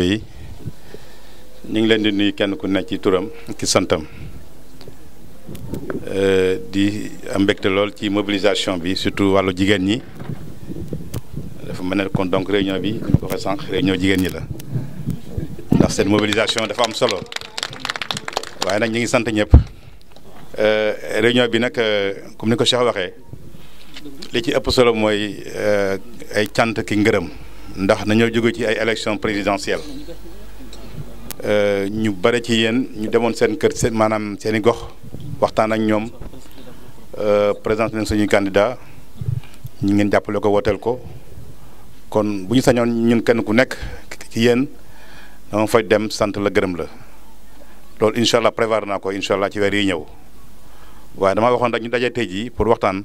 yi ñu ngi leen di nuyu kenn ku nekk ci turam ki santam euh, di am mbégte lool ci mobilisation bi surtout wàllu jigéen ñi dafa mel ne kon donc réunion bi ñu ko waxee sànq réunion jigéen ñi la ndax seen mobilisation dafa am solo waaye nag ñu ngi sant ñëpp euh, réunion bi nag euh, comme ni ko Cheikh waxee li ci ëpp solo mooy ay cant ki ngërëm ndax nañoo jógee ci ay élection présidentielle euh, ñu bare ci yéen ñu demoon seen kër seen maanaam seen i gox waxtaan ak ñoom euh, présenté nañ suñuy candidat ñu ngeen jàppale ko wooteel ko kon bu ñu sañoon ñun kenn ku nekk ci yéen dama fay dem sant la gërëm la loolu incha allah prévoir naa ko incha ci weer yi ñëw waaye dama waxoon rek ñu daje tey pour waxtaan.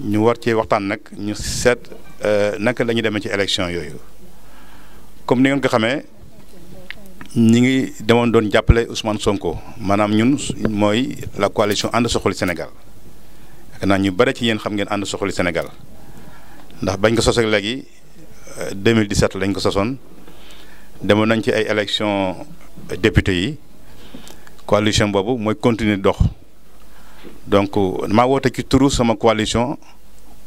ñu war cee waxtaan nag ñu seet euh, naka la ñuy demee ci élection yooyu comme ni ngeen ko xamee ñi ngi demoon doon jàppale Ousmane Sonko maanaam ñun mooy la coalition ànd soxali Sénégal xanaa ñu bare ci yéen xam ngeen ànd soxali Sénégal ndax bañ ko sos ak léegi 2017 euh, lañ ko sosoon demoon nañ ci ay élection euh, député yi coalition boobu mooy continuer dox. donc maa woote ci turu sama coalition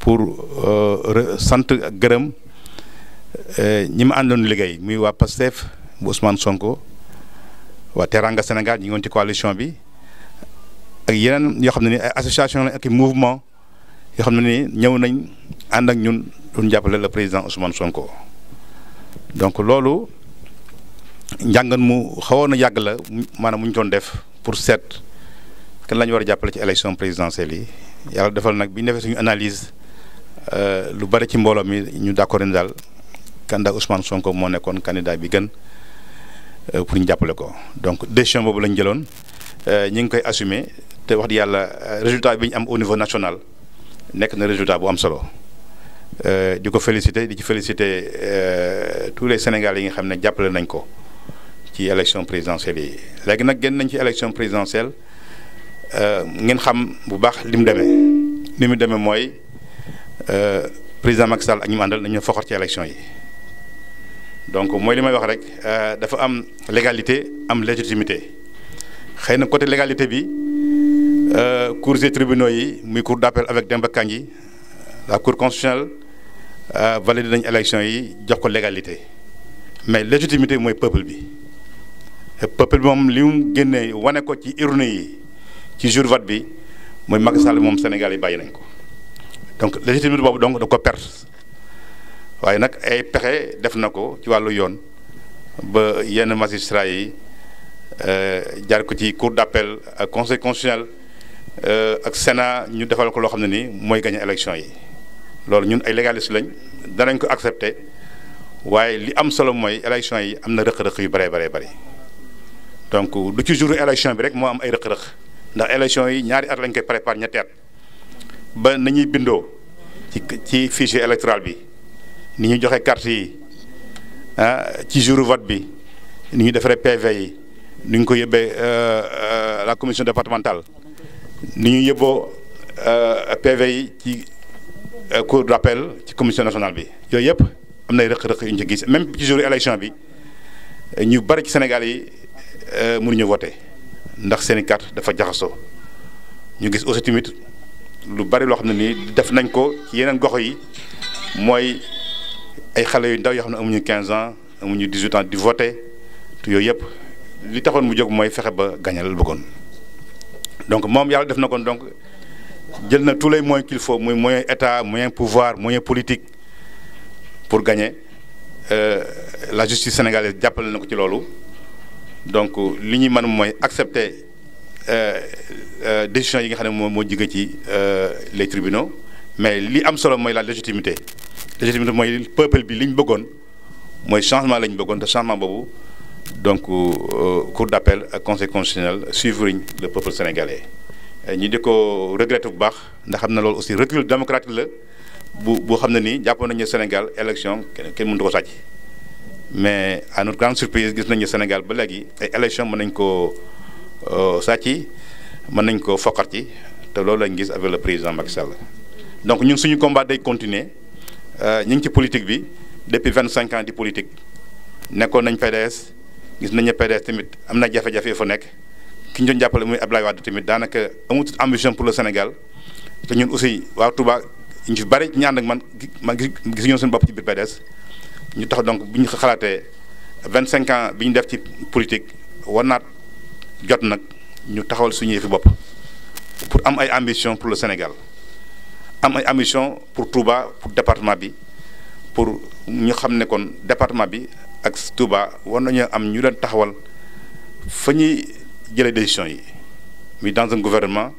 pour euh, sant ak gërëm euh, ñi ma àndoon liggéey muy waa PASTEF bu Ousmane Sonko waa Teranga Sénégal ñu ngi woon ci coalition bi ak yeneen yoo xam ne ni ay association la ak mouvement yoo xam ne ni ñëw nañ ànd ak ñun duñ jàppale la président Ousmane Sonko donc loolu njàngan mu xawoon a yàgg la maanaam mu ñu doon def pour seet. kan la ñu war a jàppale ci élection présidentielle yi yàlla defal nag biñ defee suñu analyse euh, lu bari ci mbooloo mi ñu d'accord dal, daal candidat Ousmane Sonko moo nekkoon candidat bi gën euh, pour ñu jàppale ko donc décision boobu la ñu jëloon euh, ñu ngi koy assumer te wax di yàlla résultat bi ñu am au niveau national nekk na résultat bu am solo di ko féliciter di ci féliciter tous les Sénégalais yi nga xam ne jàppale nañ ko ci élection présidentielle yi léegi nag génn nañ ci élection présidentielle. Euh, ngeen xam bu baax lim mu demee ni mu demee mooy euh, président Macky Sall ak ñu mu àndal nañu l'élection ci élection yi donc mooy li may wax rek euh, dafa am légalité am légitimité xëy na côté légalité bi cours des tribunaux yi muy cour d'appel avec Demba Kangi la cour constitutionnelle valide nañ élection yi jox ko légalité mais légitimité mooy peuple bi peuple bi moom li mu le wane ko ci urne yi ci jour vote bi moy Macky Sall moom Sénégal yi nañ ko donc légitimité bobu donc da ko perdre waye nak ay pexé def nako ci walu yoon ba yenn magistrats yi euh, jaar ko ci cour d'appel ak conseil constitutionnel euh, ak Sénat ñu defal ko lo xam ni moy mooy gagné élection yi loolu ñun ay légaliste lañ danañ ko accepter waye li am solo moy élection yi am na rëq-rëq yu bari bari donc du ci jour élection bi rek mo am ay rëq-rëq ndax élection yi ñaari at lañ koy préparé ñetti at ba na ñuy bindoo ci ci fichier électoral bi ni ñu joxe carte yi ah ci jour vote bi ni ñu defaree PV yi ni ñu ko yëbbee euh, euh, la commission départementale ni ñu yëbboo euh, PV yi ci cour d'appel ci commission nationale bi yooyu yëpp am nay rëq-rëq yu ñu ci gis même ci jour élection bi ñu bari ci Sénégal yi mënuñu voter ndax seen carte dafa jaxasoo ñu gis aussi tamit lu bari loo xam ne nii def nañ ko ci yeneen gox yi mooy ay xale yu ndaw yoo xam ne amuñu 15 ans amuñu 18 ans di voter te yooyu yëpp li taxoon mu jóg mooy fexe ba gagné la bëggoon. donc moom yàlla def na ko donc jël na tous les moyens qu'il faut muy moyen état moyen pouvoir moyen politique pour gagner euh, la justice sénégalaise jàppale na ko ci loolu donc li ñu mën mooy accepter euh, euh, décision yi nga xam ne moom moo jóge ci euh, les tribunaux mais li am solo mooy la légitimité légitimité mooy peuple bi liñ ñu bëggoon mooy changement lañ ñu bëggoon te changement boobu donc cour d'appel ak conseil constitutionnel suivre le peuple sénégalais. ñu di ko regretter bu baax ndax xam na loolu aussi recul démocratique la bu boo xam ne nii jàppoon nañu Sénégal élection kenn kenn mënut ko sàcc mais à notre grande surprise gis nañu Sénégal ba légui ay élection mën nañ koo euh, sàcc mën nañ koo foqarti te loolu lañ gis avec le président Macky Sall donc ñun suñu combat day continuer euh, ñu ngi ci politique bi depuis 25 ans di politique nekkoon nañ PDS gis nañu PDS tamit am na jafe-jafe fa nekk ki ñu doon jàppale muy Abdoulaye Wade tamit daanaka amut ambition pour le Sénégal te ñun aussi waa Touba ñu ci bari ñaan ak man ma gis gis ñoo seen bopp ci biir PDS ñu tax donc bu ñu xalaatee vingt ans bi ñu def ci politique wonat jot nak ñu taxawal suñu fi bop pour am ay ambition pour le Sénégal am ay ambition pour Touba pour département bi pour ñu xamné kon département bi ak Touba won nañoo am ñu leen taxawal fa ñuy jëlee décision yi muy dans un gouvernement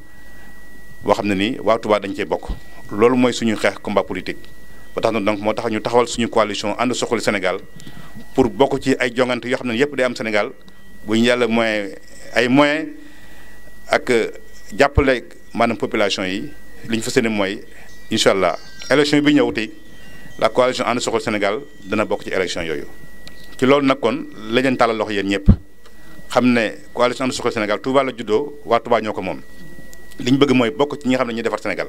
boo xamné ni wa Touba dañ cey bok lolu moy suñu xex combat politique. ba tax na donc moo tax ñu taxawal suñu coalition ànd soxali Sénégal pour bokk ci ay jongante yoo xam ne yëpp day am Sénégal bu ñu yàlla moyen ay moyen ak jàppale maanaam population yi li ñu fas yéene mooy incha allah élection bi ñëw tey la coalition ànd soxali Sénégal dana bokk ci élection yooyu. ci loolu nag kon la leen tàllal loxo yéen ñëpp xam ne coalition ànd soxali Sénégal Touba la juddoo waa Touba ñoo ko moom li ñu bëgg mooy bokk ci ñi nga xam ne ñuy defar Sénégal.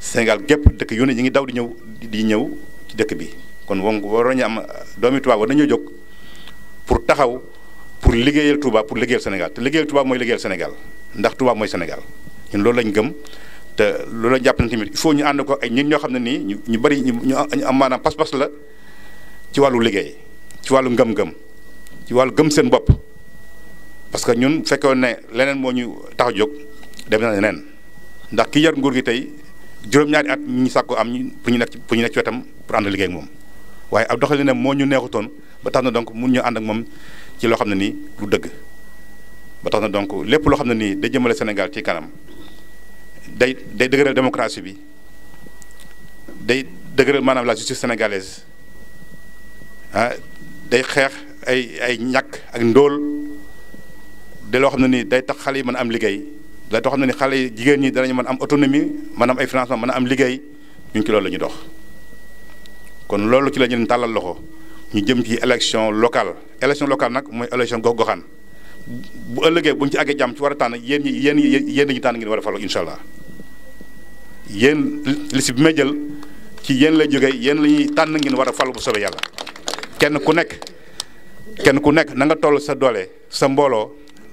Sénégal gépp dëkk yu ne ñu ngi daw di ñëw di ñëw ci dëkk bi kon won waroon ñu am doomi Touba war nañoo jóg pour taxaw pour liggéeyal Touba pour liggéeyal Sénégal te liggéeyal Touba mooy liggéeyal Sénégal ndax Touba mooy Sénégal ñun loolu lañ gëm te loolu lañ jàpp ñu ànd ko ay ñun ñoo xam ne nii ñu ñu bëri ñu am maanaam pas-pas la ci wàllu liggéey ci wàllu ngëm-ngëm ci wàllu gëm seen bopp parce que ñun fekkoon ne leneen moo ñu tax jóg dem na leneen ndax ki yor nguur gi tey juróom-ñaari at ñu sàkku am ñu pour ñu nekk ci ñu nekk wetam pour ànd liggéey moom waaye ab doxalinam moo ñu neexutoon ba tax na donc mun ñu ànd ak moom ci loo xam ne nii lu dëgg ba tax na donc lépp loo xam ne nii day jëmale Sénégal ci kanam day day dëgëral démocratie bi day dëgëral maanaam la justice sénégalaise ah day xeex ay ay ñàkk ak ndóol de loo xam ne nii day tax xale yi mën a am liggéey. da tax na ni xale yi jigéen ñi danañu mën am autonomie mën am ay financement mën a am liggéey ñu ci loolu la ñuy dox kon loolu ci la ñu tàllal loxo ñu jëm ci élection local élection local nag mooy élection gox-goxaan bu ëllëgee buñ ci àggee jàmm ci war a tànn yéen ñi yéen yéen ñu tànn ngeen war a falu incha allah yéen liste bi may jël ci yéen lay jógee yéen la ñuy tànn ngeen war a falu bu soobee yàlla kenn ku nekk kenn ku nekk na nga toll sa doole sa mbooloo.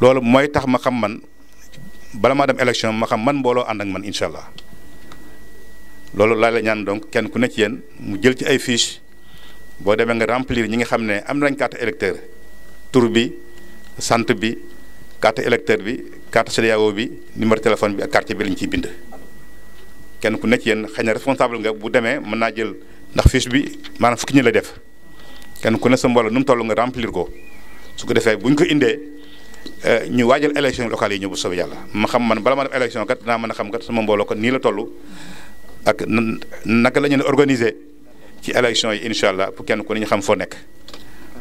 lolu moy tax ma xam man bala ma dem election ma xam man mbolo and ak man inshallah allah la la ñaan donc kenn ku ne ci yeen mu jël ci ay fiche bo demee nga remplir ñi nga xam ne am nañ carte électeur tour bi sante bi carte électeur bi carte CDAO bi numéro téléphone bi ak quartier bi lañ ci bind. kenn ku ne ci yeen xëy na responsable nga bu mën na jël ndax fiche bi maanaam fukki ñu la def kenn ku ne sa mbolo num tollu nga remplir ko su ko defé buñ ko indé ñu waajal élection locale yi ñëw bu soobee yàlla ma xam man bala ma def élection kat naa mën a xam kat sama mbooloo kat nii la toll ak naka la ñu organiser ci élection yi incha allah pour kenn ku ne ñu xam foo nekk.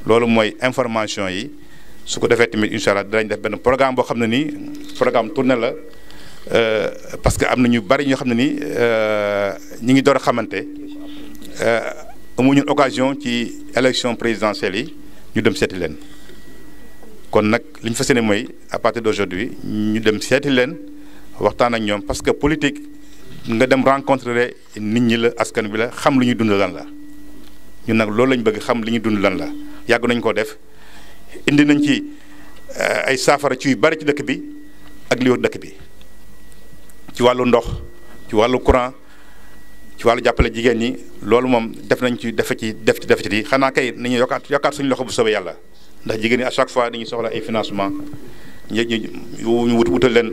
loolu mooy information yi su ko defee tamit incha allah dinañ def benn programme boo xam ne nii programme tournée la euh, parce que am na ñu bari ñoo xam ne nii euh, ñu ngi door a xamante euh, amuñu occasion ci élection présidentielle yi ñu dem seeti leen. kon nak li ñu moy à partir d'aujourd'hui ñu dem séti leen waxtaan ak ñom parce que politique nga dem rencontrer nit ñi la askan bi la xam lu ñuy dund lan la ñun nak loolu lañ bëgg xam li ñuy dund lan la yàgg nañ ko def indi nañ ci euh, ay saafara ci yu bari ci dëkk bi ak li wër dëkk bi ci wàllu ndox ci wàllu courant ci wàllu jàppale jigéen ñi loolu moom def nañ ci def ci def ci def ci xanaa kay nañu yokkaat yokkaat suñu loxo bu soobee yàlla. ndax jigéen ñi à chaque fois dañuy soxla ay financement ñu ñu wutal leen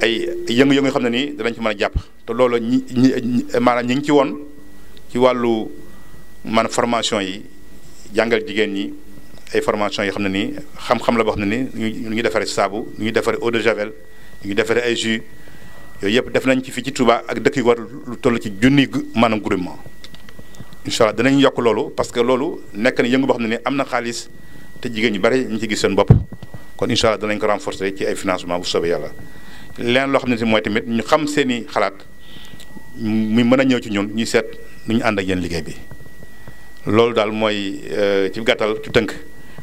ay yëngu-yëngu yoo xam ne nii danañ ci mën a jàpp te loolu ñi ñi maanaam ñi ngi ci woon ci wàllu man formation yi jàngal jigéen ñi ay formation yoo xam ne nii xam-xam la boo xam ne nii ñu ngi defaree saabu ñu ngi defaree eau de javel ñu ngi defaree ay jus yooyu yëpp def nañ ci fii ci Touba ak dëkk yu war lu toll ci junni maanaam groupement incha allah danañ yokk loolu parce que loolu nekk na yëngu boo xam ne nii am na xaalis. te jigéen ñu bari ñu ci gis seen bopp kon incha allah danañ ko renforcer ci ay financement bu soobee yàlla leen loo xam ne si mooy tamit ñu xam seen i xalaat mu mën a ñëw ci ñun ñuy seet mu ñu ànd ak yéen liggéey bi loolu daal mooy euh, ci gàttal ci tënk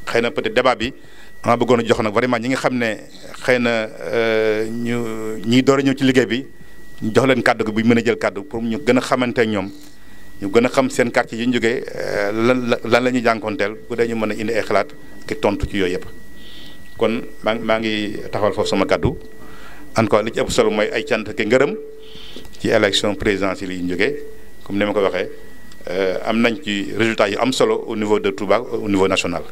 xëy na peut débat bi ama bëggoon a jox nag vraiment ñi nga xam ne xëy na euh, ñu door ñëw ci liggéey bi ñu jox leen kàddu gi bu ñu mën a jël kàddu pour ñu gën a xamante ñoom ñu gën a xam seen quartier yi ñu jógee euh, lan lan la ñuy jànkoonteel bu dee ñu mën a indi ay xalaat ki tontu ci yooyu yëpp kon maa maa ngi taxawal foofu sama kàddu encore li ci ëpp solo mooy ay cant ki ngërëm ci élection présidentielle yi ñu jógee comme ni ma ko waxee euh, am nañ ci résultat yu am solo au niveau de Touba au niveau national.